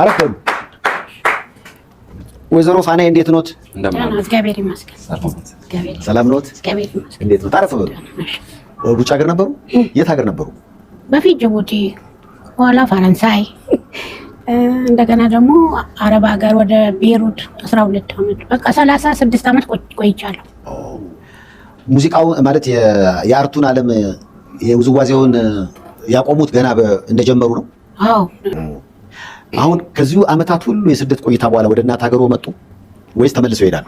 አረፍ ወይዘሮ ፋና እንዴት ኖት? ሰላም ኖት? እንዴት ኖት? አረፍ በሉ። ውጭ ሀገር ነበሩ? የት ሀገር ነበሩ? በፊት ጅቡቲ፣ በኋላ ፈረንሳይ፣ እንደገና ደግሞ አረብ ሀገር ወደ ቤሩት 12 ዓመት በቃ 36 ዓመት ቆይቻለሁ። ሙዚቃው ማለት የአርቱን ዓለም የውዝዋዜውን ያቆሙት ገና እንደጀመሩ ነው። አዎ አሁን ከዚሁ አመታት ሁሉ የስደት ቆይታ በኋላ ወደ እናት ሀገሮ መጡ ወይስ ተመልሰው ይሄዳሉ?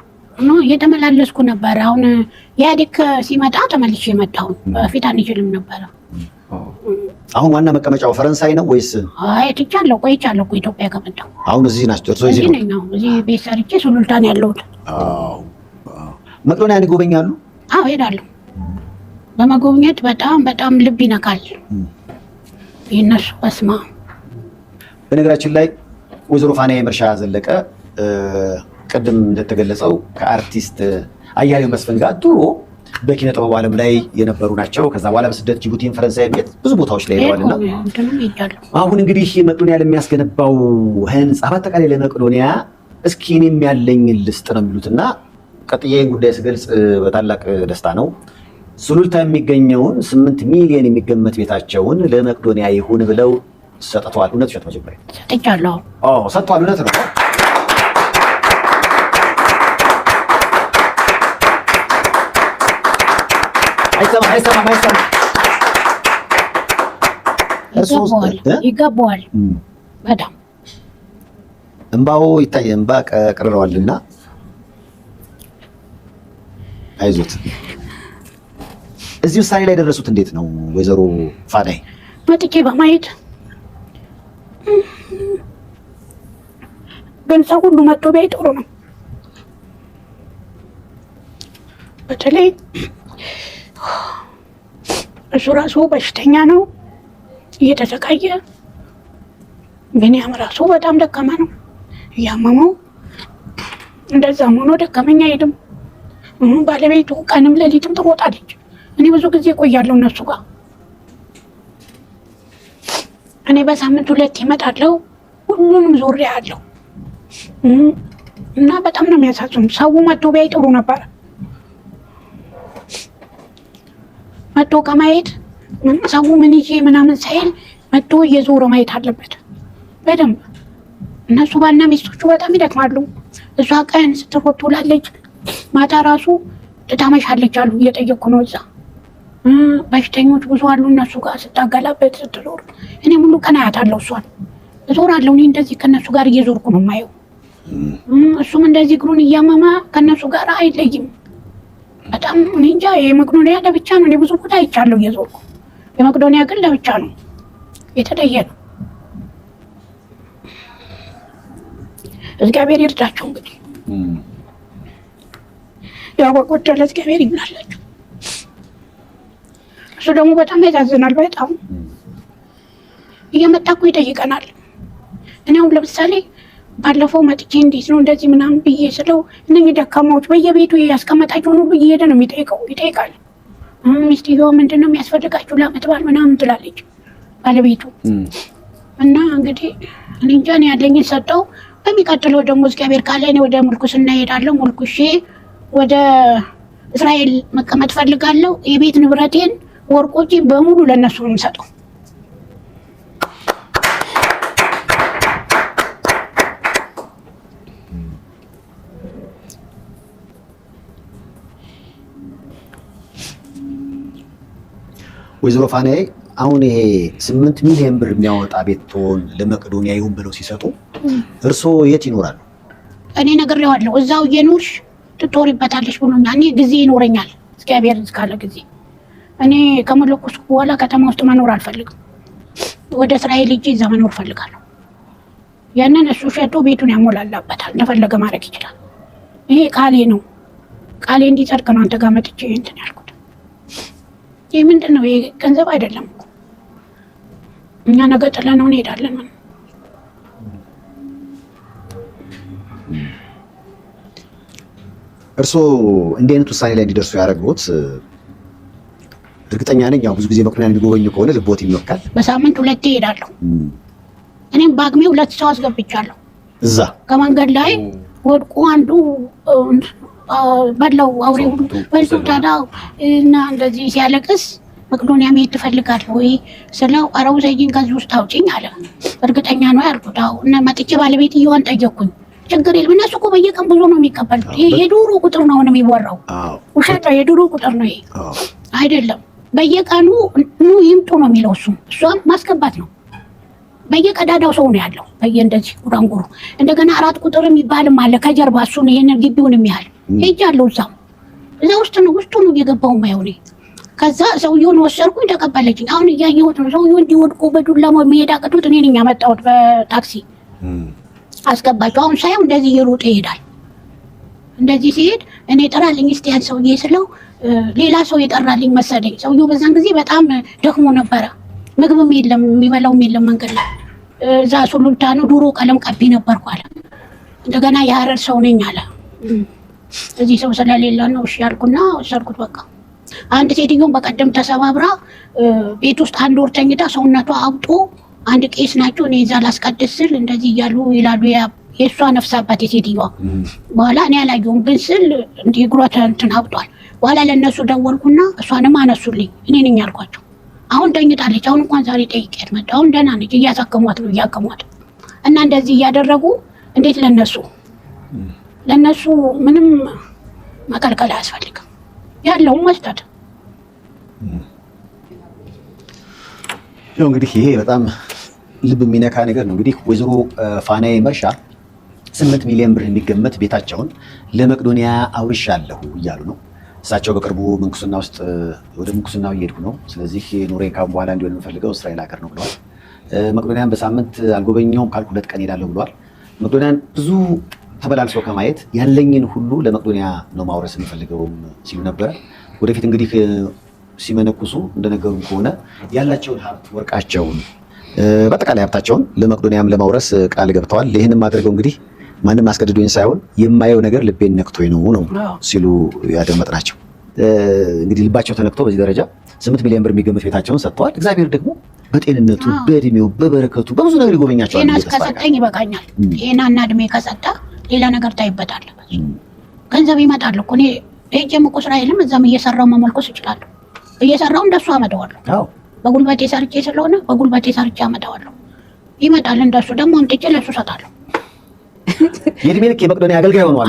ኖ እየተመላለስኩ ነበር። አሁን ኢህአዴግ ሲመጣ ተመልሼ የመጣሁ በፊት አንችልም ነበረ። አሁን ዋና መቀመጫው ፈረንሳይ ነው ወይስ? አይ ትቻለሁ፣ ቆይቻለሁ እኮ ኢትዮጵያ ከመጣሁ። አሁን እዚህ ናቸው እርሶ? እዚህ ነኝ ነው፣ እዚህ ቤት ሰርቼ ሱሉልታ ነው ያለሁት። መቅዶኒያን ይጎበኛሉ? አዎ ሄዳለሁ። በመጎብኘት በጣም በጣም ልብ ይነካል የእነሱ በስማ በነገራችን ላይ ወይዘሮ ፋናዬ መርሻ ዘለቀ ቅድም እንደተገለጸው ከአርቲስት አያሌው መስፍን ጋር ድሮ በኪነ ጥበብ ዓለም ላይ የነበሩ ናቸው። ከዛ በኋላ በስደት ጅቡቲን፣ ፈረንሳይ ቤት ብዙ ቦታዎች ላይ ሄደዋል እና አሁን እንግዲህ መቅዶኒያ ለሚያስገነባው ህንፃ በአጠቃላይ ለመቅዶኒያ እስኪ እኔም ያለኝን ልስጥ ነው የሚሉት እና ቀጥዬን ጉዳይ ስገልጽ በታላቅ ደስታ ነው። ሱሉልታ የሚገኘውን ስምንት ሚሊዮን የሚገመት ቤታቸውን ለመቅዶኒያ ይሁን ብለው ሰጥተዋል። እውነት ውሸት? መጀመሪያ ሰጥቻለሁ። ሰጥተዋል። እውነት ነው። አይሰማም፣ አይሰማም፣ አይሰማም። ይገባዋል። በጣም እንባው ይታየ እንባ ቀርረዋልና አይዞት። እዚህ ውሳኔ ላይ ደረሱት እንዴት ነው ወይዘሮ ፋዳይ? መጥቼ በማየት ግን ሰው ሁሉ መጥቶ ቢያይ ጥሩ ነው። በተለይ እሱ ራሱ በሽተኛ ነው እየተሰቃየ፣ ቢኒያም ራሱ በጣም ደከመ ነው እያመመው፣ እንደዛም ሆኖ ደከመኝ አይሄድም። ባለቤቱ ቀንም ሌሊትም ትሮጣለች። እኔ ብዙ ጊዜ እቆያለሁ እነሱ ጋር። እኔ በሳምንት ሁለት ይመጣለሁ፣ ሁሉንም ዞሬ አለሁ። እና በጣም ነው የሚያሳዝኑ። ሰው መቶ ቢያይ ጥሩ ነበር። መቶ ከማየት ሰው ምን ይዤ ምናምን ሳይል መቶ እየዞረ ማየት አለበት በደንብ። እነሱ ባልና ሚስቶቹ በጣም ይደክማሉ። እሷ ቀን ስትሮጥ ውላለች ማታ ራሱ ትታመሻለች አሉ እየጠየኩ ነው እዛ በሽተኞች ብዙ አሉ። እነሱ ጋር ስታገላበት ስትዞር እኔ ሙሉ ቀን አያታለሁ እሷን እዞራለሁ። እኔ እንደዚህ ከእነሱ ጋር እየዞርኩ ነው የማየው። እሱም እንደዚህ እግሩን እያመማ ከነሱ ጋር አይለይም። በጣም እንጃ። የመቅዶኒያ ለብቻ ነው። ብዙ ቦታ አይቻለሁ እየዞርኩ። የመቅዶኒያ ግን ለብቻ ነው፣ የተለየ ነው። እግዚአብሔር ይርዳቸው። እንግዲህ ያው በጎደለ እግዚአብሔር ይምላላቸው። እሱ ደግሞ በጣም ያሳዝናል። በጣም እየመጣ እኮ ይጠይቀናል። እኔ አሁን ለምሳሌ ባለፈው መጥቼ እንዴት ነው እንደዚህ ምናምን ብዬ ስለው እነኝህ ደካማዎች በየቤቱ ያስቀመጣቸውን ሁሉ እየሄደ ነው የሚጠይቀው ይጠይቃል። ሚስትየዋ ምንድን ነው የሚያስፈልጋችሁ ለዓመት በዓል ምናምን ትላለች ባለቤቱ እና እንግዲህ ልንጃን ያለኝን ሰጠው። በሚቀጥለው ደግሞ እግዚአብሔር ካለኝ ወደ ሙልኩስና እሄዳለሁ። ሙልኩሼ ወደ እስራኤል መቀመጥ ፈልጋለሁ። የቤት ንብረቴን ወርቆቼ በሙሉ ለእነሱ ነው የምሰጠው። ወይዘሮ ፋናዬ አሁን ይሄ ስምንት ሚሊዮን ብር የሚያወጣ ቤቶን ለመቅዶኒያ ይሁን ብለው ሲሰጡ እርስዎ የት ይኖራሉ? እኔ ነግሬዋለሁ። እዛው እየኖርሽ ትጦሪበታለሽ ብሎኛል። እኔ ጊዜ ይኖረኛል እግዚአብሔር እስካለ ጊዜ እኔ ከመለኮስ በኋላ ከተማ ውስጥ መኖር አልፈልግም። ወደ እስራኤል ሂጄ እዛ መኖር እፈልጋለሁ። ያንን እሱ ሸጦ ቤቱን ያሞላላበታል። እንደፈለገ ማድረግ ይችላል። ይሄ ቃሌ ነው። ቃሌ እንዲጸድቅ ነው አንተ ጋር መጥቼ እንትን ያልኩ ይህ ምንድን ነው? ይህ ገንዘብ አይደለም። እኛ ነገ ጥለነው እንሄዳለን። እርስዎ እንዲህ አይነት ውሳኔ ላይ እንዲደርሱ ያደረግቦት እርግጠኛ ነኝ። ያው ብዙ ጊዜ መኩሪያ የሚጎበኙ ከሆነ ልቦት ይመካል። በሳምንት ሁለቴ እሄዳለሁ። እኔም በአግሜ ሁለት ሰው አስገብቻለሁ። እዛ ከመንገድ ላይ ወድቁ አንዱ በለው አውሬ ሁሉ በልቶ ታዳው እና እንደዚህ ሲያለቅስ መቅዶኒያ መሄድ ትፈልጋለህ ወይ ስለው ኧረ ውሰጂኝ ከዚህ ውስጥ አውጪኝ አለ። እርግጠኛ ነው ያልኩት። አዎ እና መጥቼ ባለቤት እየሆን ጠየኩኝ። ችግር የለም እነሱ እኮ በየቀን ብዙ ነው የሚቀበሉት። ይሄ የዶሮ ቁጥር ነው ነው የሚወራው። ውሸት ነው፣ የዶሮ ቁጥር ነው ይሄ አይደለም። በየቀኑ ኑ ይምጡ ነው የሚለው እሱም እሷም ማስገባት ነው። በየቀዳዳው ሰው ነው ያለው፣ በየእንደዚህ ጉራንጉሩ። እንደገና አራት ቁጥር የሚባልም አለ ከጀርባ እሱን ይህንን ግቢውን የሚያህል ሄጃለሁ። እዛም እዛ ውስጥ ነው ውስጡ ነው እየገባው ማየው እኔ ከዛ ሰውየውን ወሰድኩኝ፣ ተቀበለችኝ። አሁን እያየሁት ነው። ሰውየው እንዲወድቁ በዱላ መሄድ አቅቶት እኔ ነኝ ያመጣሁት በታክሲ አስገባቸው። አሁን ሳየው እንደዚህ እየሮጠ ይሄዳል። እንደዚህ ሲሄድ እኔ ጥራልኝ እስቲ ያን ሰውዬ ስለው ሌላ ሰው የጠራልኝ መሰለኝ። ሰውየው በዛን ጊዜ በጣም ደክሞ ነበረ። ምግብም የለም የሚበላውም የለም። መንገድ ላይ እዛ ሱሉልታ ነው ዱሮ ቀለም ቀቢ ነበርኩ አለ። እንደገና የሀረር ሰው ነኝ አለ። እዚህ ሰው ስለሌለ ነው እሺ ያልኩና ወሰድኩት። በቃ አንድ ሴትዮን በቀደም ተሰባብራ ቤት ውስጥ አንድ ወር ተኝታ ሰውነቷ አብጦ አንድ ቄስ ናቸው እኔ እዛ ላስቀድስ ስል እንደዚህ እያሉ ይላሉ የእሷ ነፍስ አባት የሴትዮዋ። በኋላ እኔ አላየሁም ግን ስል እንዲህ እግሯ እንትን አብጧል። በኋላ ለእነሱ ደወልኩና እሷንም አነሱልኝ። እኔ ነኝ አልኳቸው። አሁን ተኝታለች። አሁን እንኳን ዛሬ ጠይቄያት መጣ። አሁን ደህና ነች። እያሳከሟት ነው እያከሟት እና እንደዚህ እያደረጉ እንዴት ለነሱ ለእነሱ ምንም መቀልቀል አያስፈልግም። ያለውም መስጠት ነው። እንግዲህ ይሄ በጣም ልብ የሚነካ ነገር ነው። እንግዲህ ወይዘሮ ፋናዬ መርሻ ስምንት ሚሊዮን ብር የሚገመት ቤታቸውን ለመቄዶንያ አውርሻለሁ እያሉ ነው። እሳቸው በቅርቡ ምንኩስና ውስጥ ወደ ምንኩስናው እየሄድኩ ነው፣ ስለዚህ ኑሬ ካሁን በኋላ እንዲሆን የምፈልገው እስራኤል ሀገር ነው ብለዋል። መቅዶኒያን በሳምንት አልጎበኘውም ካልኩ ሁለት ቀን ሄዳለሁ ብለዋል። መቅዶኒያን ብዙ ተበላልሶ ከማየት ያለኝን ሁሉ ለመቅዶኒያ ነው ማውረስ የምፈልገውም ሲሉ ነበረ። ወደፊት እንግዲህ ሲመነኩሱ እንደነገሩ ከሆነ ያላቸውን ሀብት ወርቃቸውን፣ በአጠቃላይ ሀብታቸውን ለመቅዶኒያም ለማውረስ ቃል ገብተዋል። ይህንም አድርገው እንግዲህ ማንም አስገድዶኝ ሳይሆን የማየው ነገር ልቤን ነክቶኝ ነው ነው ሲሉ ያደመጥናቸው። እንግዲህ ልባቸው ተነክቶ በዚህ ደረጃ ስምንት ሚሊዮን ብር የሚገመት ቤታቸውን ሰጥተዋል። እግዚአብሔር ደግሞ በጤንነቱ በእድሜው በበረከቱ በብዙ ነገር ይጎበኛቸዋል። ጤና ከሰጠኝ ይበቃኛል። ጤናና እድሜ ከሰጠ ሌላ ነገር ታይበታል። ገንዘብ ይመጣል እኮ እኔ ሄጄም እኮ ስራ የለም እዛም እየሰራው መመልኮስ እችላለሁ። እየሰራው እንደሱ አመጣዋለሁ። በጉልበቴ ሰርቼ ስለሆነ በጉልበቴ ሰርቼ አመጣዋለሁ። ይመጣል እንደሱ ደግሞ አምጥቼ ለሱ እሰጣለሁ። የእድሜ ልክ የመቅዶኒያ አገልጋይ ሆኗል።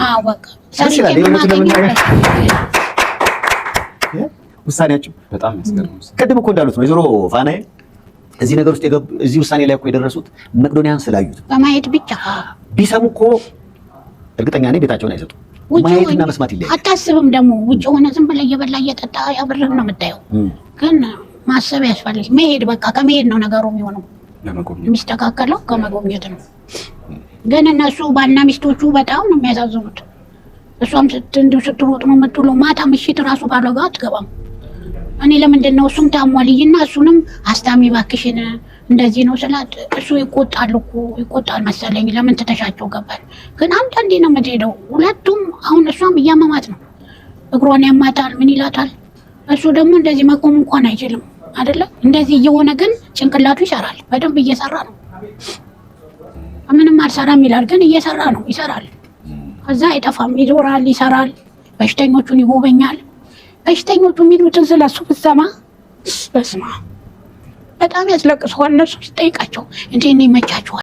ውሳኔያቸው በጣም ያስገርም። ቅድም እኮ እንዳሉት ነው የዞሮ ፋናዬ እዚህ ነገር ውስጥ እዚህ ውሳኔ ላይ እኮ የደረሱት መቅዶኒያን ስላዩት በማየት ብቻ ቢሰሙ እኮ እርግጠኛ ነኝ ቤታቸውን አይሰጡ ማየትና መስማት ይለያል። አታስብም ደግሞ ውጭ ሆነ ዝም ብለህ እየበላ እየጠጣ ያብርህ ነው የምታየው። ግን ማሰብ ያስፈልግ መሄድ በቃ ከመሄድ ነው ነገሩ የሚሆነው የሚስተካከለው ከመጎብኘት ነው። ግን እነሱ ባልና ሚስቶቹ በጣም ነው የሚያሳዝኑት። እሷም ስትንዱ ስትሮጥ ነው የምትውለው። ማታ ምሽት ራሱ ባለጋ አትገባም። እኔ ለምንድን ነው እሱም ታሟልይና እሱንም አስታሚ ባክሽን እንደዚህ ነው ስላት፣ እሱ ይቆጣል እኮ ይቆጣል መሰለኝ። ለምን ትተሻቸው ገባል? ግን አንዳንዴ ነው የምትሄደው። ሁለቱም አሁን እሷም እያመማት ነው፣ እግሯን ያማታል፣ ምን ይላታል። እሱ ደግሞ እንደዚህ መቆም እንኳን አይችልም አይደለ? እንደዚህ እየሆነ ግን ጭንቅላቱ ይሰራል፣ በደንብ እየሰራ ነው። ምንም አልሰራም ይላል፣ ግን እየሰራ ነው፣ ይሰራል። ከዛ አይጠፋም፣ ይዞራል፣ ይሰራል፣ በሽተኞቹን ይጎበኛል። በሽተኞቹ የሚሉትን ስለሱ ብትሰማ በስማ በጣም ያስለቅሰዋል። እነሱ ሲጠይቃቸው እንዴ ይመቻችኋል